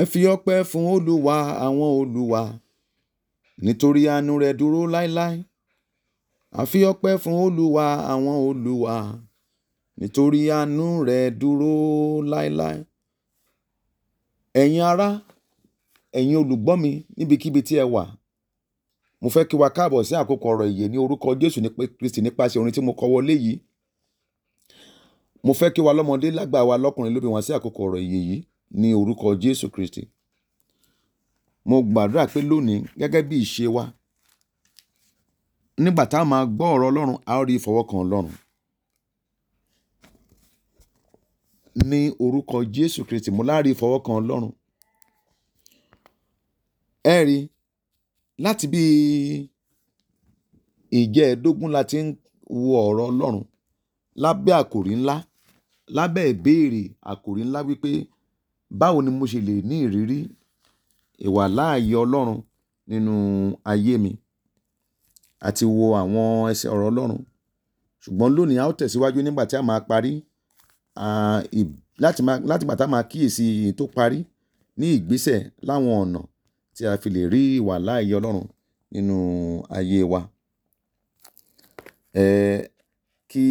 ẹ fi ọpẹ́ fún olúwa àwọn olúwa nítorí àánú rẹ̀ dúró láéláé a fi ọpẹ́ fún olúwa àwọn olúwa nítorí àánú rẹ̀ dúró láéláé ẹ̀yin ará ẹ̀yin olùgbọ́ mi níbikíbi tí ẹ wà mo fẹ́ kí wa káàbọ̀ sí àkókò ọ̀rọ̀ ìyè ní orúkọ Jésù nípa Kristi nípasẹ̀ orin tí mo kọ wọlé yìí mo fẹ́ kí wa lọ́mọdé lágbà wa lọ́kùnrin lóbi wọn sí àkókò ọ̀rọ̀ ìyè yìí ní orúkọ Jésù Kristi. Mo gbàdúrà pé lónìí gẹ́gẹ́ bí ìṣe wa nígbà tá a máa gbọ́ ọ̀rọ̀ Ọlọ́run a ó rí ìfọwọ́kàn Ọlọ́run. Ní orúkọ Jésù Kristi mo láàrí ìfọwọ́kàn Ọlọ́run. Ẹ rí láti bí ìjẹ́ẹ̀dógún la ti ń wo ọ̀rọ̀ Ọlọ́run lábẹ́ àkòrí ńlá lábẹ́ ìbéèrè àkòrí ńlá wípé báwo ni mo ṣe lè ní ìrírí ìwà láàyè Ọlọ́run nínú ayé mi àti wo àwọn ẹsẹ̀ ọ̀rọ̀ Ọlọ́run. Ṣùgbọ́n lónìí a ó tẹ̀síwájú nígbà tí a máa parí, à, láti máa, láti ìgbà tí a máa kíyèsi èyí tó parí ní ìgbésẹ̀ láwọn ọ̀nà tí a fi lè rí ìwà láàyè Ọlọ́run nínú ayé wa. kí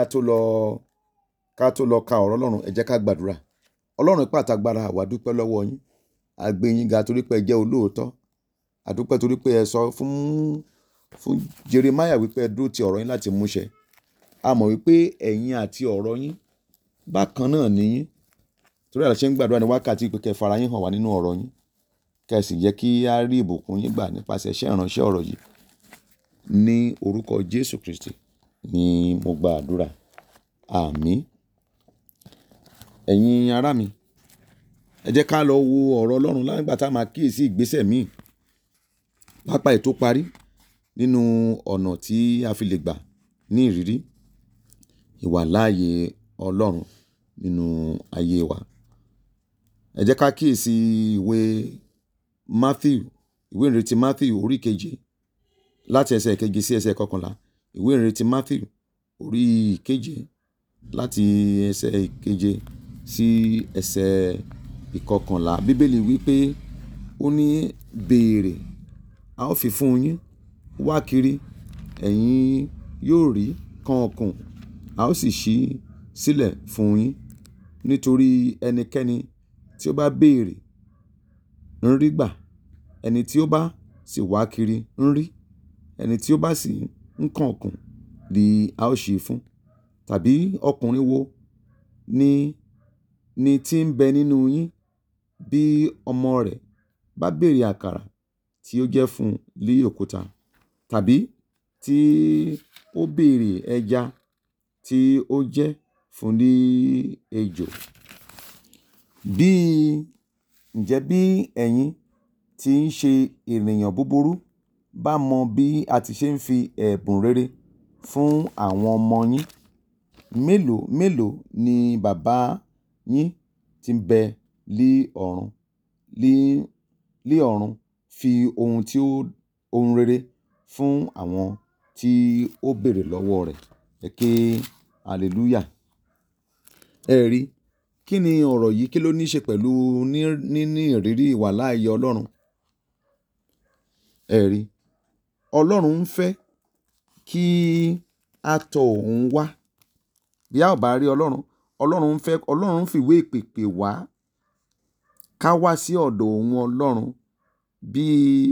a tó lọ, ká tó lọ ka ọ̀rọ̀ Ọlọ́run, ẹ jẹ́ ká gbàdúrà ọlọ́run ipá àtàgbára àwa dúpẹ́ lọ́wọ́ yín a gbé yín ga torí pé ẹ jẹ́ olóòótọ́ a dúpẹ́ torí pé ẹ sọ fún fún Jeremiah wípé ẹ dúró ti ọ̀rọ̀ yín láti múṣẹ a mọ̀ wípé ẹ̀yin àti ọ̀rọ̀ yín bákan náà nìyí torí àlàṣẹ ń gbàdúrà ní wákàtí pé kẹ fara yín hàn wá nínú ọ̀rọ̀ yín kẹ jẹ́ kí á rí ìbùkún yín gbà nípasẹ̀ iṣẹ́ ìránṣẹ́ ọ̀rọ̀ yìí ní orúkọ Jésù Kristi ni mo gba àdúrà àmín ẹ̀yin ará mi, ẹ jẹ́ ká lọ wo ọ̀rọ̀ Ọlọ́run nígbà tá a máa kíyèsí ìgbésẹ̀ míì pápá ètò parí nínú ọ̀nà tí a fi lè gbà ní ìrírí ìwàláàyè Ọlọ́run nínú ayé wa. Ẹ jẹ́ ká kíyèsí ìwé Matthew, ìwé ìrètí Matthew orí keje láti ẹsẹ̀ keje sí ẹsẹ̀ kọkànlá. Ìwé ìrètí Matthew orí keje láti ẹsẹ̀ keje sí ẹsẹ̀ ìkọkànlá bíbélì wípé ó ní béèrè a ó fi fún yín wá kiri ẹ̀yin yóò rí kànkùn a ó sì ṣí sílẹ̀ fún yín nítorí ẹnikẹ́ni tí ó bá béèrè ń rí gbà ẹni tí ó bá sì wá kiri ń rí ẹni tí ó bá sì ń kànkùn ni a ó ṣí fún tàbí ọkùnrin wo ni ni tí ń bẹ nínú yín bí ọmọ rẹ̀ bá béèrè àkàrà tí ó jẹ́ fún un lé òkúta, tàbí tí ó béèrè ẹja tí ó jẹ́ fún un ní ejò. Bí, ǹjẹ́ bí ẹ̀yin tí ń ṣe ènìyàn búburú bá mọ bí a ti ṣe ń fi ẹ̀bùn rere fún àwọn ọmọ yín, mélòó mélòó ni Baba yín tí ń bẹ lí ọ̀run lí lí ọ̀run fi ohun tí ó ohun rere fún àwọn tí ó béèrè lọ́wọ́ rẹ̀. Ẹ ké hallelujah. Ẹ rí, kí ni ọ̀rọ̀ yìí kí ló ní í ṣe pẹ̀lú níní ìrírí ìwà láàyè Ọlọ́run? Ẹ rí, Ọlọ́run ń fẹ́ kí a tọ òun wá. Bí a ò bá rí Ọlọ́run, Ọlọ́run ń fẹ́ Ọlọ́run ń fìwé ìpèpè wá ká wá sí ọ̀dọ̀ òun Ọlọ́run bí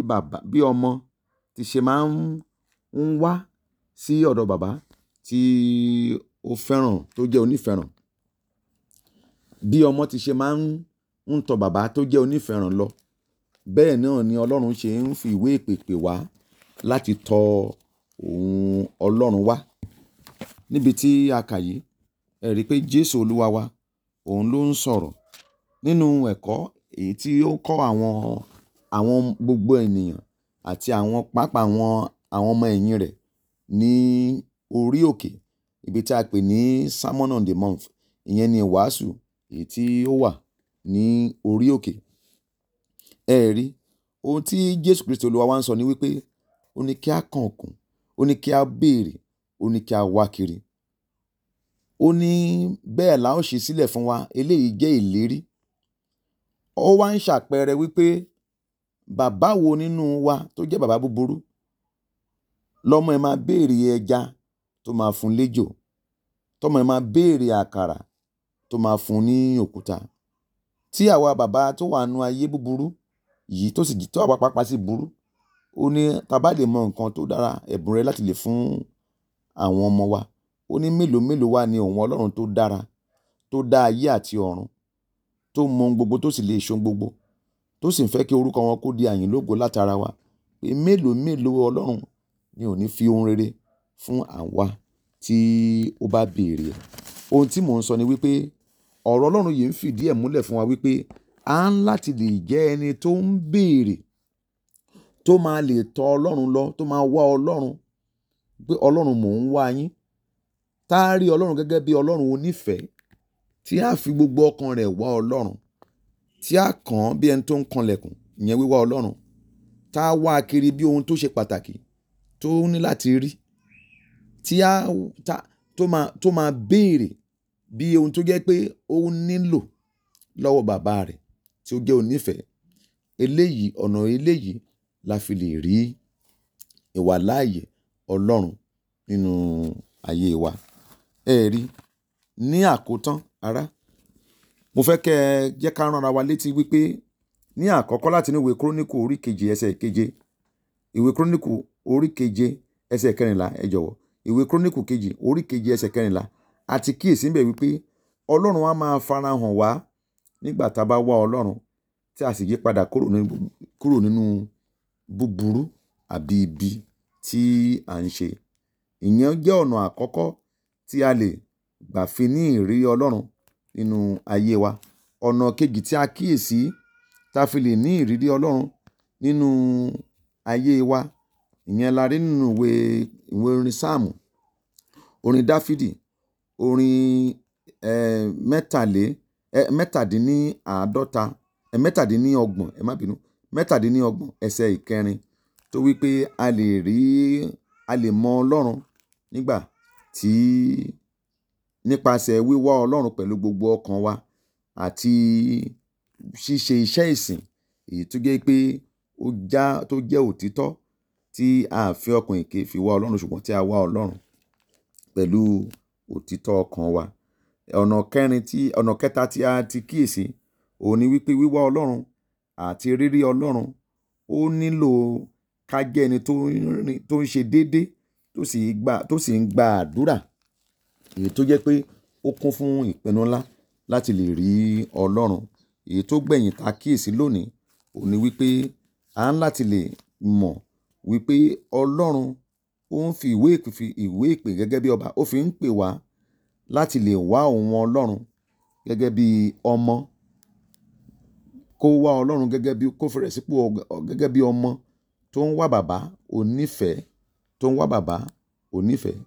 bàbá bí ọmọ ti ṣe máa ń ń wá sí ọ̀dọ̀ bàbá tí ó fẹ́ràn tó jẹ́ onífẹ́ràn. Bí ọmọ ti ṣe máa ń ń tọ bàbá tó jẹ́ onífẹ́ràn lọ, bẹ́ẹ̀ náà ni Ọlọ́run ṣe ń fi ìpèpè wá láti tọ òun Ọlọ́run wá. Níbi tí a kà yìí, ẹ rí i pé Jésù Olúwa wa òun ló ń sọ̀rọ̀ nínú ẹ̀kọ́ èyí tí ó kọ́ àwọn àwọn gbogbo ènìyàn àti àwọn pàápàá àwọn àwọn ọmọ ẹ̀yìn rẹ̀ ní orí òkè ibi tí a pè ní sermon on the mount ìyẹn ni ìwàásù èyí tí ó wà ní orí òkè ẹ ohun tí Jésù Kristi Olúwa wa ń sọ ni wípé ó ní kí a kànkùn ó ní kí a béèrè ó ní kí a wá kiri ó ní bẹ́ẹ̀ la ó ṣe sílẹ̀ fún wa eléyìí jẹ́ ìlérí ó wá ń ṣàpẹẹrẹ wípé bàbá wo nínú wa tó jẹ́ bàbá búburú lọ́mọ ẹ máa béèrè ẹja tó máa fún léjò tọ́mọ ẹ máa béèrè àkàrà tó máa fún ní òkúta tí àwa bàbá tó wà nú ayé búburú yìí tó sì tó àwa pàápàá sì burú ó ní tá bá lè mọ nǹkan tó dára ẹ̀bùn rẹ láti lè fún àwọn ọmọ wa Ó ní mélòó mélòó wá ni òun Ọlọ́run tó dára, tó dá ayé àti ọ̀run, tó mọ ohun gbogbo tó sì lè ṣe gbogbo, tó sì ń fẹ́ kí orúkọ wọn kó di àyìnlógo látara wa. Pé mélòó mélòó Ọlọ́run ni ò ní fi ohun rere fún àwa tí ó bá béèrè rẹ̀. Ohun tí mò ń sọ ni wípé ọ̀rọ̀ Ọlọ́run yìí ń fìdí ẹ̀ múlẹ̀ fún wa wípé a ń láti lè jẹ́ ẹni tó ń béèrè, tó máa lè tọ Ọlọ́run lọ, tó máa wá Ọlọ́run pé Ọlọ́run mò ń wá yín tá a rí ọlọ́run gẹ́gẹ́ bí ọlọ́run onífẹ̀ẹ́ tí a fi gbogbo ọkàn rẹ̀ wá ọlọ́run tí a kàn án bí ẹni tó ń kanlẹ̀kùn ìyẹn wíwá ọlọ́run tá a wá kiri bí ohun tó ṣe pàtàkì tó ní láti rí tí a ta tó máa tó máa béèrè bí ohun tó jẹ́ pé ó nílò lọ́wọ́ bàbá rẹ̀ tí ó jẹ́ onífẹ̀ẹ́ eléyìí ọ̀nà eléyìí la fi lè rí ìwàláàyè ọlọ́run nínú ayé wa ẹ̀rí ní àkótán ará mo fẹ́ kẹ́ ẹ jẹ́ ká rán ara wa létí wípé ní àkọ́kọ́ láti inú ìwé kúrónìkù orí keje ẹsẹ̀ keje ìwé kúrónìkù orí keje ẹsẹ̀ kẹrìnlá ẹ jọ̀wọ́ ìwé kúrónìkù kejì orí keje ẹsẹ̀ kẹrìnlá àti kíyèsí ń bẹ̀ wípé ọlọ́run á máa farahàn wá nígbà tá a bá wá ọlọ́run tí a sì yí padà kúrò nínú búburú àbí ibi tí à ń ṣe ìyẹn jẹ́ ọ̀nà àkọ́kọ́ tí a lè gbà fi ní ìrírí Ọlọ́run nínú ayé wa. Ọ̀nà kejì tí a kíyèsí tí a fi lè ní ìrírí Ọlọ́run nínú ayé wa, ìyẹn la rí nínú ìwé, ìwé orin Sáàmù, orin Dafidi, orin eh, mẹ́tàlé, eh, mẹ́tàdínní àádọ́ta, eh, mẹ́tàdínní ọgbọ̀n, ẹ má bínú, mẹ́tàdínní ẹsẹ̀ ìkẹrin tó wí a lè rí, a lè mọ Ọlọ́run nígbà tí nípasẹ̀ wíwá Ọlọ́run pẹ̀lú gbogbo ọkàn wa àti ṣíṣe iṣẹ́ ìsìn èyí tó jẹ́ pé ó já tó jẹ́ òtítọ́ tí a fi ọkàn èké fi wá Ọlọ́run ṣùgbọ́n tí a wá Ọlọ́run pẹ̀lú òtítọ́ ọkàn wa. Ọ̀nà kẹrin tí ọ̀nà kẹta tí a ti kíyèsi òun ni wípé wíwá Ọlọ́run àti rírí Ọlọ́run ó nílò ká jẹ́ ẹni tó ń ṣe déédéé tó sì gba tó sì ń gba àdúrà èyí tó jẹ́ pé ó kún fún ìpinnu ńlá láti lè rí Ọlọ́run èyí tó gbẹ̀yìn ta kíyèsí lónìí òun ni wípé a ń láti lè mọ̀ wípé Ọlọ́run ó ń fi ìwé ìpè fi ìwé ìpè gẹ́gẹ́ bí ọba ó fi ń pè wá láti lè wá òun Ọlọ́run gẹ́gẹ́ bí ọmọ kó wá Ọlọ́run gẹ́gẹ́ bí kó fẹrẹ̀ sípò gẹ́gẹ́ bí ọmọ tó ń wá bàbá onífẹ̀ẹ́ tó ń wá bàbá onífẹ̀ẹ́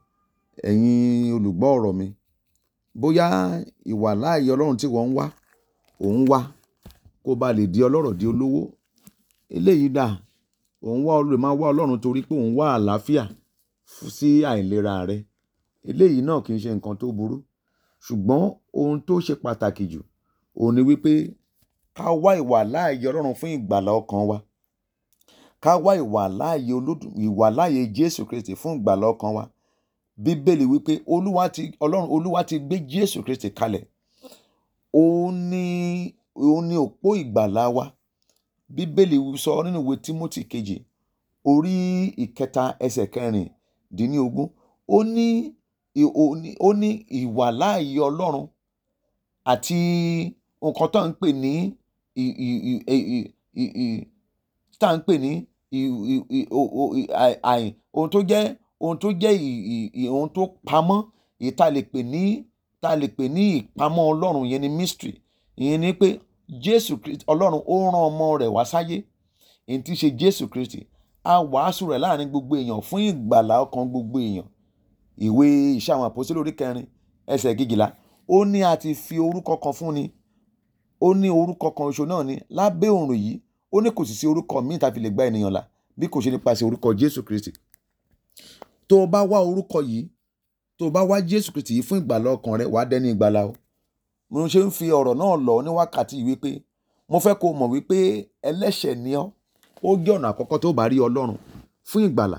ẹ̀yin olùgbọ́ ọ̀rọ̀ mi bóyá ìwà láàyè ọlọ́run tí wọ́n ń wá òun wá kó ba lè di ọlọ́rọ̀ di olówó eléyìí dà òun wá olè máa wá ọlọ́run torí pé òun wá àlàáfíà sí àìlera rẹ eléyìí náà kì í ṣe nǹkan tó burú ṣùgbọ́n ohun tó ṣe pàtàkì jù òun ni wípé ká wá ìwà láàyè ọlọ́run fún ìgbàlà ọkàn wa ká wá ìwàláàyè olódùn ìwàláàyè jésù kristi fún ìgbàlà ọkàn wa bíbélì wípé olúwa ti ọlọ́run olúwa ti gbé jésù kristi kalẹ̀ òun ni òun ni òpó ìgbàlà wa bíbélì sọ nínú ìwé timothy kejì orí ìkẹta ẹsẹ̀ kẹrin dín ní ogún ó ní ó ní ìwàláàyè ọlọ́run àti nǹkan tó ń pè ní tá à ń pè ní ohun tó jẹ́ ohun tó jẹ́ ohun tó pamọ́ èyí tá a lè pè ní tá a lè pè ní ìpamọ́ ọlọ́run yẹn ni mystery ìyẹn ni pé jésù kristi ọlọ́run ó rán ọmọ rẹ̀ wá sáyé èyí tí í ṣe jésù kristi a wàásù rẹ̀ láàrin gbogbo èèyàn fún ìgbàlá ọkàn gbogbo èèyàn ìwé iṣẹ́ àwọn àpòsílẹ̀ orí kẹrin ẹsẹ̀ kejìlá ó ní a ti fi orúkọ kan fún ni ó ní orúkọ kan oṣù náà ni lábẹ́ òrùn yìí ó ní kò sì sí orúkọ míì tá a fi lè gba ènìyàn là bí kò ṣe nípasẹ̀ orúkọ Jésù Kristi tó o bá wá orúkọ yìí tó o bá wá Jésù Kristi yìí fún ìgbàlá ọkàn rẹ wàá dẹni ìgbàlá o mo ṣe ń fi ọ̀rọ̀ náà lọ ní wákàtí yìí wípé mo fẹ́ kó o mọ̀ wípé ẹlẹ́ṣẹ̀ ni ọ́ ó jẹ́ ọ̀nà àkọ́kọ́ tó bá rí Ọlọ́run fún ìgbàlá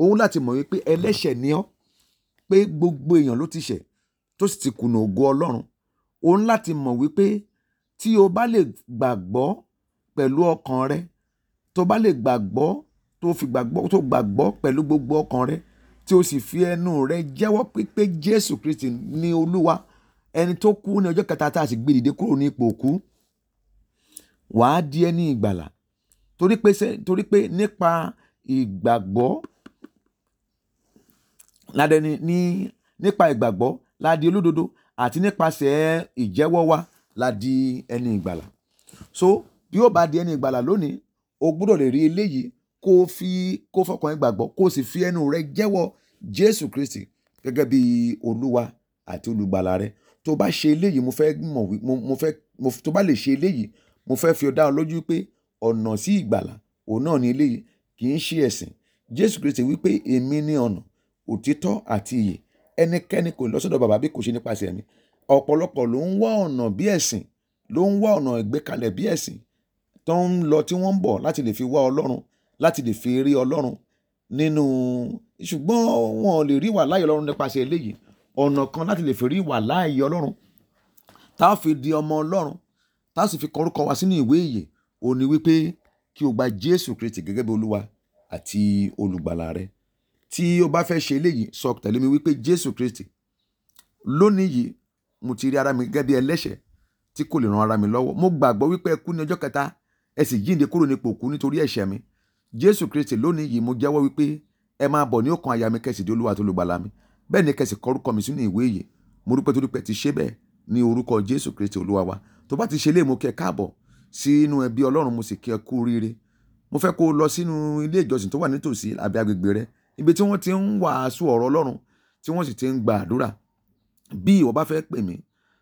òun láti mọ̀ wípé ẹlẹ́ṣẹ̀ ni ọ́ pé gbogbo èèyàn ló ti ṣẹ̀ tó sì ti kùnà ògo Ọlọ́run òun láti mọ̀ wípé tí o bá lè gbàgbọ́ pẹ̀lú ọkàn rẹ tó bá lè gbàgbọ́ tó fi gbàgbọ́ tó gbàgbọ́ pẹ̀lú gbogbo ọkàn rẹ tí o sì fi ẹnu rẹ jẹ́wọ́ pípé Jésù Kristi ní Olúwa ẹni tó kú ní ọjọ́ kẹta tá a sì gbé dìde kúrò ní ipò òkú wàá di ẹni ìgbàlà torí pé torí pé nípa ìgbàgbọ́ ládẹni ní nípa ìgbàgbọ́ la di olódodo àti nípasẹ̀ ìjẹ́wọ́ wa la di ẹni ìgbàlà so bí ó bá di ẹni ìgbàlà lónìí o gbúdọ̀ lè rí eléyìí kó fi kó fọkàn ìgbàgbọ́ kó sì fi ẹnu rẹ jẹ́wọ́ Jésù Kristi gẹ́gẹ́ bí olúwa àti olùgbàlà rẹ tó bá ṣe eléyìí mo fẹ́ mọ̀ wí mo fẹ́ tó bá lè ṣe eléyìí mo fẹ́ fi ọ dá ọ lójú pé ọ̀nà sí ìgbàlà òun náà ni eléyìí kì í ṣe ẹ̀sìn Jésù Kristi wípé èmi ni ọ̀nà òtítọ́ àti ìyè ẹnikẹ́ni kò lọ́sọ̀dọ̀ bàbá bí kò ṣe nípasẹ̀ mi ọ̀pọ̀lọpọ̀ ló ń wá ọ̀nà bí ẹ̀sìn ló ń wá ọ̀nà ìgbékalẹ̀ bí ẹ̀sìn tó ń lọ tí wọ́n ń bọ̀ láti lè fi wá ọlọ́run láti lè fi rí ọlọ́run nínú ṣùgbọ́n wọn ò lè rí ìwà láàyè ọlọ́run nípasẹ̀ eléyìí ọ̀nà kan láti lè fi rí ìwà láàyè ọlọ́run tá a fi di ọmọ ọlọ́run tá a sì fi kọrúkọ wa sínú ìwé ìyè ó ní wípé kí o gba jésù kristi gẹ́gẹ́ bí olúwa àti olùgbàlà rẹ tí o bá fẹ́ ṣe eléyìí sọ tẹ̀lé mi wípé jésù kristi lónìí yìí mo ti rí ara mi gẹ́gẹ́ bí ẹlẹ́ṣẹ̀ tí kò lè ran ara mi lọ́wọ́ mo gbàgbọ́ wípé ẹ kú ọjọ́ kẹta ẹ sì jíǹde kúrò nípò òkú nítorí ẹ̀ṣẹ̀ mi jésù kristi lónìí yìí mo jẹ́wọ́ wípé ẹ máa bọ̀ ní ọkàn àyà mi kẹ́sì di olúwa tó lùgbàlà mi bẹ́ẹ̀ ni kẹ́sì kọrúkọ mi sínú ìwé yìí mo dúpẹ́ tó dúpẹ́ ti ṣe bẹ́ẹ̀ ní orúkọ jésù kristi olúwa wa tó bá ti ṣe léèmú kẹ́ káàbọ̀ sínú ẹbí ọlọ́run mo sì kí ẹ kú oríire mo fẹ́ kó o lọ sínú ilé ìjọsìn tó wà nítòsí àbí agbègbè rẹ ibi tí wọ́n ti ń wàásù ọ̀rọ̀ ọlọ́run tí wọ́n sì ti ń gba àdúrà bí ìwọ bá fẹ́ pè mí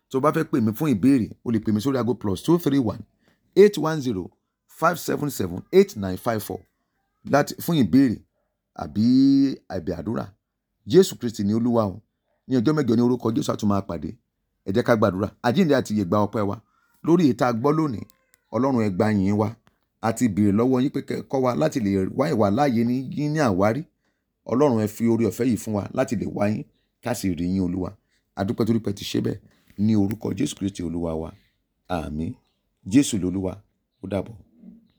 tó bá fẹ́ pè mí fún ìbéèrè o lè pè mí sórí ago plus two three one eight one zero five seven seven eight nine five four láti fún ìbéèrè àbí àbẹ̀ àdúrà jésù kristi ní olúwa o ní ọjọ́ mẹ́jọ ní orúkọ jésù àtúmọ̀ àpàdé ẹ jẹ́ ká gbàdúrà àjíǹde àti ìyègbà ọpẹ́ wa lórí ìta gbọ́ lónìí ọlọ́run ẹ gbà yín wa àti béèrè lọ́wọ́ yín pé kọ́ wa láti lè wá ìwà láàyè ní yín ní àwárí ọlọ́run ẹ fi orí ọ̀fẹ́ yìí fún wa láti lè wá yín ká sì rí yín olúwa àdúpẹ́ torí pé ti ṣe bẹ́ẹ̀ ní orúkọ jésù kristi olúwa wa àmín jésù lolúwa ó dàbọ̀.